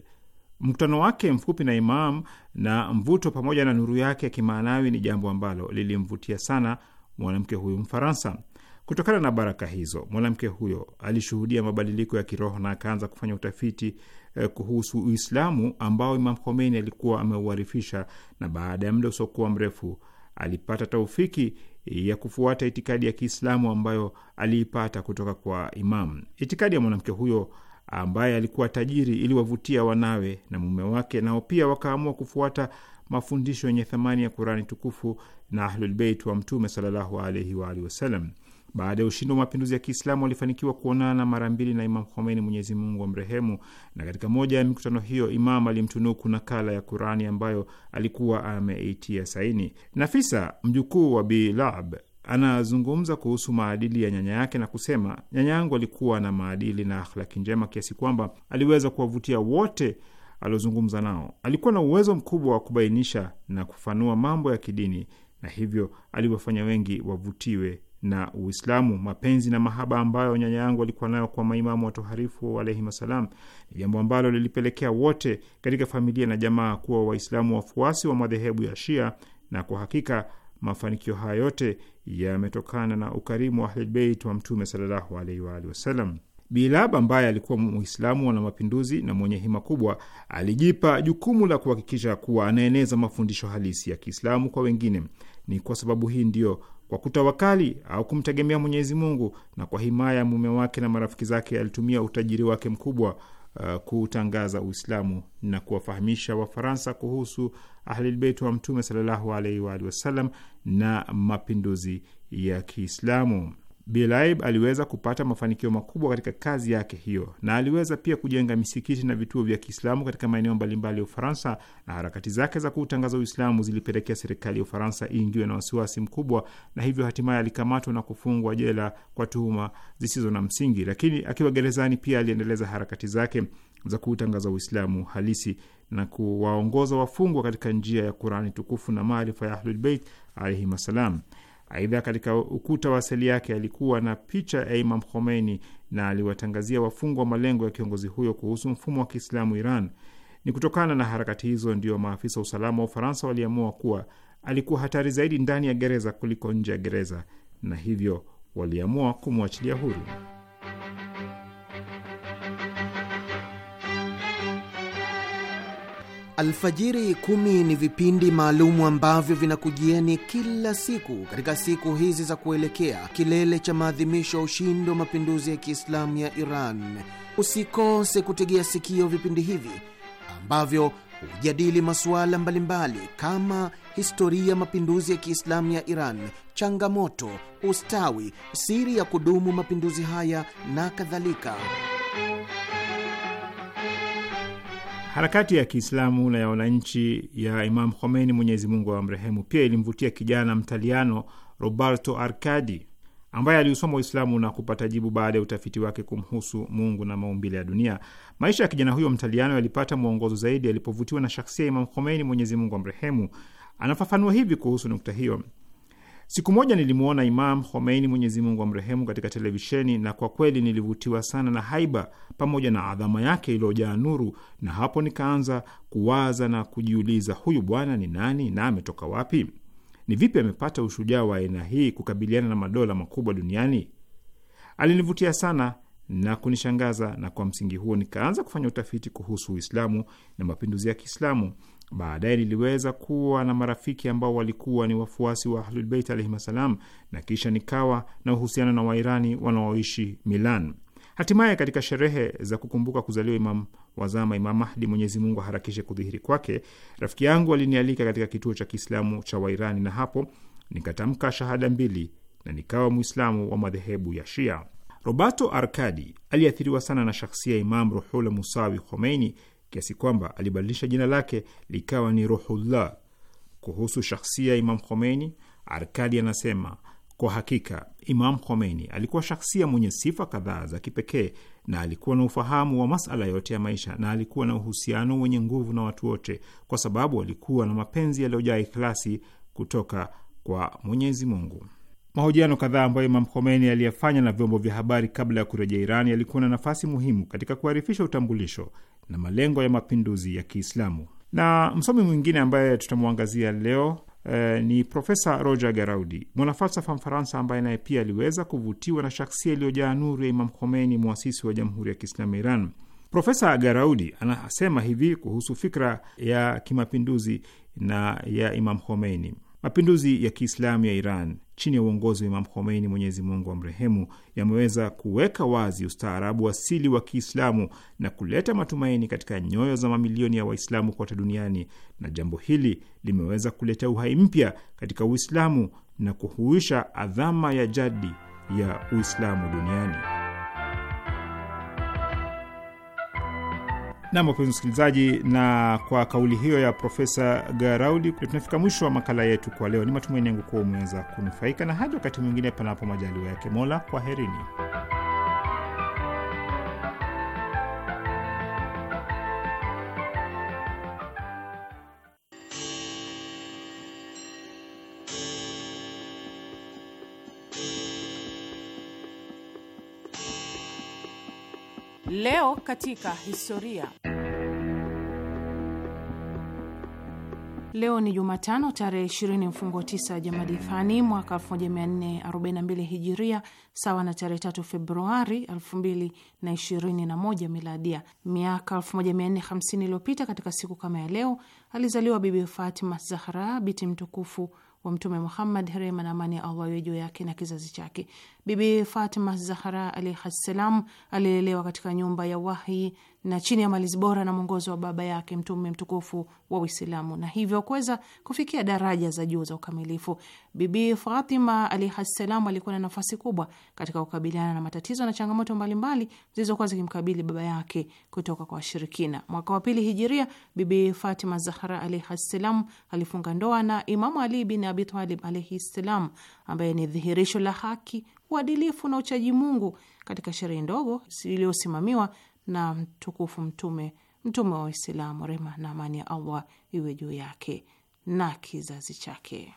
Mkutano wake mfupi na Imam na mvuto pamoja na nuru yake ya kimaanawi ni jambo ambalo lilimvutia sana mwanamke huyu Mfaransa. Kutokana na baraka hizo, mwanamke huyo alishuhudia mabadiliko ya kiroho na akaanza kufanya utafiti eh, kuhusu Uislamu ambao Imam Khomeini alikuwa ameuharifisha, na baada ya muda usiokuwa mrefu alipata taufiki ya kufuata itikadi ya Kiislamu ambayo aliipata kutoka kwa Imam. Itikadi ya mwanamke huyo ambaye alikuwa tajiri iliwavutia wanawe na mume wake, nao pia wakaamua kufuata mafundisho yenye thamani ya Kurani tukufu na Ahlulbeit wa Mtume sallallahu alaihi wa alihi wasallam. Baada ya ushindi wa mapinduzi ya Kiislamu walifanikiwa kuonana mara mbili na Imam Khomeini, Mwenyezi Mungu amrehemu, na katika moja ya mikutano hiyo Imam alimtunuku nakala ya Qurani ambayo alikuwa ameitia saini. Nafisa mjukuu wa Bilab anazungumza kuhusu maadili ya nyanya yake na kusema, nyanya yangu alikuwa na maadili na akhlaki njema kiasi kwamba aliweza kuwavutia wote aliozungumza nao. Alikuwa na uwezo mkubwa wa kubainisha na kufanua mambo ya kidini, na hivyo aliwafanya wengi wavutiwe na Uislamu. Mapenzi na mahaba ambayo nyanya yangu alikuwa nayo kwa maimamu watoharifu alaihim assalam ni jambo ambalo lilipelekea wote katika familia na jamaa kuwa Waislamu wafuasi wa madhehebu ya Shia, na kwa hakika mafanikio haya yote yametokana na ukarimu wa Ahlulbeit wa Mtume sallallahu alaihi wa alihi wasallam. Bilab ambaye alikuwa Muislamu wana mapinduzi na mwenye hima kubwa, alijipa jukumu la kuhakikisha kuwa anaeneza mafundisho halisi ya Kiislamu kwa wengine. Ni kwa sababu hii ndiyo kwa kutawakali au kumtegemea Mwenyezi Mungu na kwa himaya ya mume wake na marafiki zake, alitumia utajiri wake mkubwa uh, kutangaza Uislamu na kuwafahamisha Wafaransa kuhusu Ahlilbeiti wa Mtume sallallahu alaihi wasallam na mapinduzi ya Kiislamu. Bilaib aliweza kupata mafanikio makubwa katika kazi yake hiyo, na aliweza pia kujenga misikiti na vituo vya Kiislamu katika maeneo mbalimbali ya Ufaransa, na harakati zake za kuutangaza Uislamu zilipelekea serikali ya Ufaransa iingiwe na wasiwasi mkubwa, na hivyo hatimaye alikamatwa na kufungwa jela kwa tuhuma zisizo na msingi. Lakini akiwa gerezani pia aliendeleza harakati zake za kuutangaza Uislamu halisi na kuwaongoza wafungwa katika njia ya qurani tukufu na maarifa ya Ahlulbeit alaihim assalam. Aidha, katika ukuta wa seli yake alikuwa na picha ya Imam Khomeini na aliwatangazia wafungwa malengo ya kiongozi huyo kuhusu mfumo wa Kiislamu Iran. Ni kutokana na harakati hizo ndio maafisa wa usalama wa Ufaransa waliamua kuwa alikuwa hatari zaidi ndani ya gereza kuliko nje ya gereza, na hivyo waliamua kumwachilia huru. Alfajiri Kumi ni vipindi maalumu ambavyo vinakujieni kila siku katika siku hizi za kuelekea kilele cha maadhimisho ya ushindi wa mapinduzi ya Kiislamu ya Iran. Usikose kutegea sikio vipindi hivi ambavyo hujadili masuala mbalimbali kama historia ya mapinduzi ya Kiislamu ya Iran, changamoto, ustawi, siri ya kudumu mapinduzi haya na kadhalika. Harakati ya Kiislamu na ya wananchi ya Imam Khomeini, Mwenyezi Mungu mrehemu pia ilimvutia kijana Mtaliano Roberto Arcadi ambaye aliusoma Uislamu na kupata jibu baada ya utafiti wake kumhusu Mungu na maumbile ya dunia. Maisha ya kijana huyo Mtaliano yalipata mwongozo zaidi alipovutiwa na shakhsia Imam Khomeini, Mwenyezi Mungu amrehemu. Anafafanua hivi kuhusu nukta hiyo: Siku moja nilimwona Imam Khomeini, Mwenyezi Mungu amrehemu, katika televisheni na kwa kweli nilivutiwa sana na haiba pamoja na adhama yake iliyojaa nuru, na hapo nikaanza kuwaza na kujiuliza, huyu bwana ni nani na ametoka wapi? Ni vipi amepata ushujaa wa aina hii kukabiliana na madola makubwa duniani? Alinivutia sana na kunishangaza, na kwa msingi huo nikaanza kufanya utafiti kuhusu Uislamu na mapinduzi ya Kiislamu. Baadaye niliweza kuwa na marafiki ambao walikuwa ni wafuasi wa Ahlulbeit alaihim assalam, na kisha nikawa na uhusiano na Wairani wanaoishi Milan. Hatimaye katika sherehe za kukumbuka kuzaliwa Imam wazama Imam Mahdi, Mwenyezi Mungu aharakishe kudhihiri kwake, rafiki yangu alinialika katika kituo cha Kiislamu cha Wairani, na hapo nikatamka shahada mbili na nikawa Mwislamu wa madhehebu ya Shia. Roberto Arkadi aliathiriwa sana na shakhsia Imam Ruhula Musawi Khomeini kiasi kwamba alibadilisha jina lake likawa ni Ruhullah. Kuhusu shakhsia Imam Khomeini, Arkadi anasema kwa hakika Imam Khomeini alikuwa shakhsia mwenye sifa kadhaa za kipekee, na alikuwa na ufahamu wa masala yote ya maisha, na alikuwa na uhusiano wenye nguvu na watu wote, kwa sababu alikuwa na mapenzi yaliyojaa ikhlasi kutoka kwa Mwenyezi Mungu. Mahojiano kadhaa ambayo Imam Khomeini aliyefanya na vyombo vya habari kabla ya kurejea Iran yalikuwa na nafasi muhimu katika kuharifisha utambulisho na malengo ya mapinduzi ya Kiislamu. Na msomi mwingine ambaye tutamwangazia leo eh, ni Profesa Roger Garaudi, mwanafalsafa Mfaransa ambaye naye pia aliweza kuvutiwa na shaksia iliyojaa nuru ya Imam Khomeini, mwasisi wa Jamhuri ya Kiislamu ya Iran. Profesa Garaudi anasema hivi kuhusu fikra ya kimapinduzi na ya Imam Khomeini: mapinduzi ya Kiislamu ya Iran chini ya uongozi wa Imam Khomeini, Mwenyezi Mungu amrehemu, yameweza kuweka wazi ustaarabu asili wa Kiislamu na kuleta matumaini katika nyoyo za mamilioni ya Waislamu kote duniani, na jambo hili limeweza kuleta uhai mpya katika Uislamu na kuhuisha adhama ya jadi ya Uislamu duniani. Nam, wapenzi msikilizaji, na kwa kauli hiyo ya Profesa Garaudi tunafika mwisho wa makala yetu kwa leo. Ni matumaini yangu kuwa umeweza kunufaika, na hadi wakati mwingine, panapo majaliwa yake Mola, kwaherini. Leo katika historia. Leo ni Jumatano tarehe 2 mfungo 9 Jamadi Thani mwaka 1442 Hijiria, sawa na tarehe tatu Februari 2021 Miladia. Miaka 1450 iliyopita katika siku kama ya leo alizaliwa Bibi Fatima Zahra, biti mtukufu wa Mtume Muhammad, rehma na amani ya Allah juu yake na kizazi chake. Bibi Fatima Zahra alaihi ssalam alilelewa katika nyumba ya wahi na chini ya malezi bora na mwongozo wa baba yake mtume mtukufu wa Uislamu na hivyo kuweza kufikia daraja za juu za ukamilifu. Bibi Fatima alaihi salam alikuwa na nafasi kubwa katika kukabiliana na matatizo na changamoto mbalimbali zilizokuwa zikimkabili baba yake kutoka kwa washirikina. Mwaka wa pili hijiria, Bibi Fatima Zahra alaihi salam alifunga ndoa na Imamu Ali bin Abi Talib alaihi salam, ambaye ni dhihirisho la haki, uadilifu na uchaji Mungu katika sherehe ndogo iliyosimamiwa na mtukufu mtume mtume wa Uislamu, rehma na amani ya Allah iwe juu yake na kizazi chake.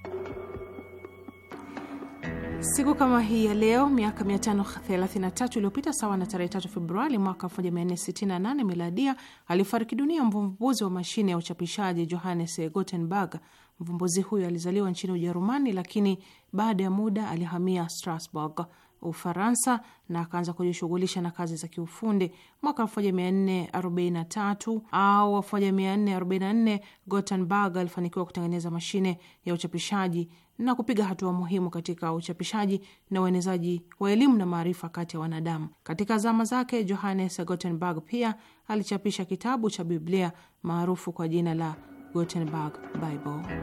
Siku kama hii ya leo miaka 533 iliyopita, sawa na tarehe 3 Februari mwaka 1468 miladia, alifariki dunia mvumbuzi wa mashine ya uchapishaji Johannes Gutenberg. Mvumbuzi huyo alizaliwa nchini Ujerumani, lakini baada ya muda alihamia Strasbourg Ufaransa na akaanza kujishughulisha na kazi za kiufundi. Mwaka 1443 au 1444 Gothenburg alifanikiwa kutengeneza mashine ya uchapishaji na kupiga hatua muhimu katika uchapishaji na uenezaji wa elimu na maarifa kati ya wanadamu. Katika zama zake, Johannes Gutenberg pia alichapisha kitabu cha Biblia maarufu kwa jina la gotenberg Bible.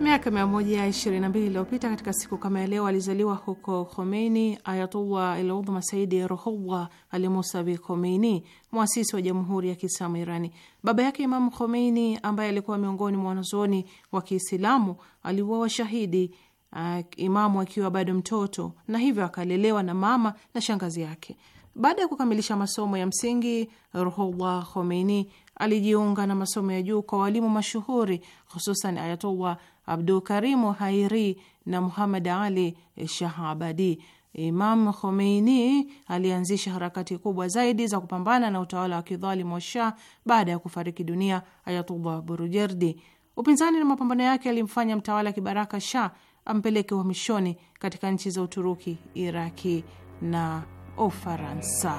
Miaka 122 iliyopita katika siku kama ya leo alizaliwa huko Khomeini Ayatullah Iludhma Saidi Ruhullah Ali Musavi Khomeini, mwasisi wa Jamhuri ya Kiislamu Irani. Baba yake Imamu Khomeini, ambaye alikuwa miongoni mwa wanazuoni wa Kiislamu, aliuawa shahidi uh, Imamu akiwa bado mtoto, na hivyo akalelewa na mama na shangazi yake. Baada ya kukamilisha masomo ya msingi, Ruhullah Khomeini alijiunga na masomo ya juu kwa walimu mashuhuri, hususan Ayatullah Abdul Karimu Hairi na Muhammad Ali Shahabadi. Imam Khomeini alianzisha harakati kubwa zaidi za kupambana na utawala wa kidhalimu wa Shah baada ya kufariki dunia Ayatullah Burujerdi. Upinzani na mapambano yake alimfanya mtawala kibaraka Shah ampeleke uhamishoni katika nchi za Uturuki, Iraki na Ufaransa.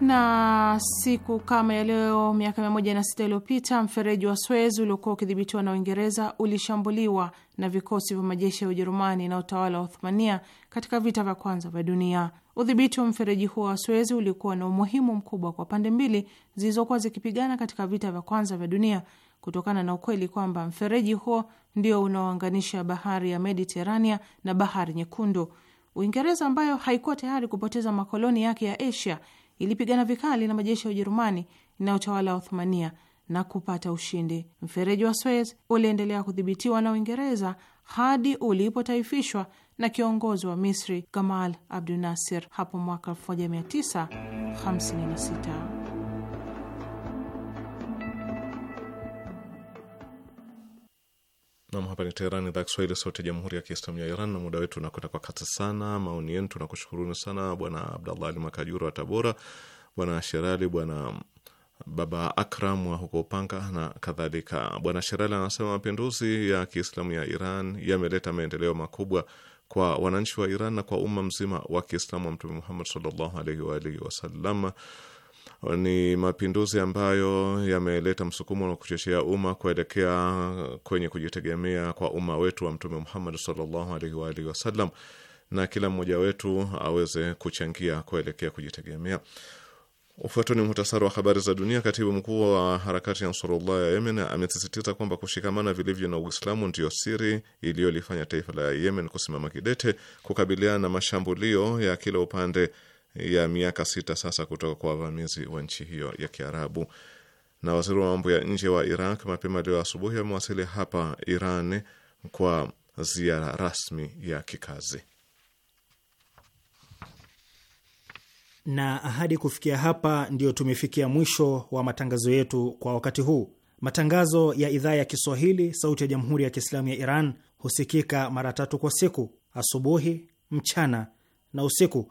Na siku kama ya leo miaka mia moja na sita iliyopita mfereji wa Suez uliokuwa ukidhibitiwa na Uingereza ulishambuliwa na vikosi vya majeshi ya Ujerumani na utawala wa Uthmania katika vita vya kwanza vya dunia. Udhibiti wa mfereji huo wa Suez ulikuwa na umuhimu mkubwa kwa pande mbili zilizokuwa zikipigana katika vita vya kwanza vya dunia kutokana na ukweli kwamba mfereji huo ndio unaoanganisha bahari ya Mediterania na bahari Nyekundu. Uingereza ambayo haikuwa tayari kupoteza makoloni yake ya Asia ilipigana vikali na majeshi ya Ujerumani na utawala wa Uthmania na kupata ushindi. Mfereji wa Suez uliendelea kudhibitiwa na Uingereza hadi ulipotaifishwa na kiongozi wa Misri Gamal Abdunasir hapo mwaka 1956. Nam, hapa ni teheran idhaa Kiswahili, sauti ya jamhuri ya kiislamu ya Iran. Na muda wetu unakwenda kwa kasi sana. Maoni yenu tunakushukuruni sana, bwana Abdallah Ali Makajuru wa Tabora, bwana Sherali, bwana baba Akram wa huko Upanga na kadhalika. Bwana Sherali anasema mapinduzi ya kiislamu ya Iran yameleta maendeleo makubwa kwa wananchi wa Iran na kwa umma mzima wa kiislamu wa Mtume Muhammad sallallahu alaihi wa alihi wasallam ni mapinduzi ambayo yameleta msukumo na kuchochea umma kuelekea kwenye kujitegemea kwa umma wetu wa Mtume Muhammad sallallahu alaihi wa alihi wasallam, na kila mmoja wetu aweze kuchangia kuelekea kujitegemea. Ufuatao ni muhtasari wa habari za dunia. Katibu mkuu wa harakati ya Ansarullah ya Yemen amesisitiza kwamba kushikamana vilivyo na Uislamu ndiyo siri iliyolifanya taifa la Yemen kusimama kidete kukabiliana na mashambulio ya kila upande ya miaka sita sasa kutoka kwa wavamizi wa nchi hiyo ya Kiarabu. Na waziri wa mambo ya nje wa Iraq mapema leo asubuhi amewasili hapa Iran kwa ziara rasmi ya kikazi. Na ahadi kufikia hapa, ndiyo tumefikia mwisho wa matangazo yetu kwa wakati huu. Matangazo ya idhaa ya Kiswahili sauti ya jamhuri ya Kiislamu ya Iran husikika mara tatu kwa siku: asubuhi, mchana na usiku.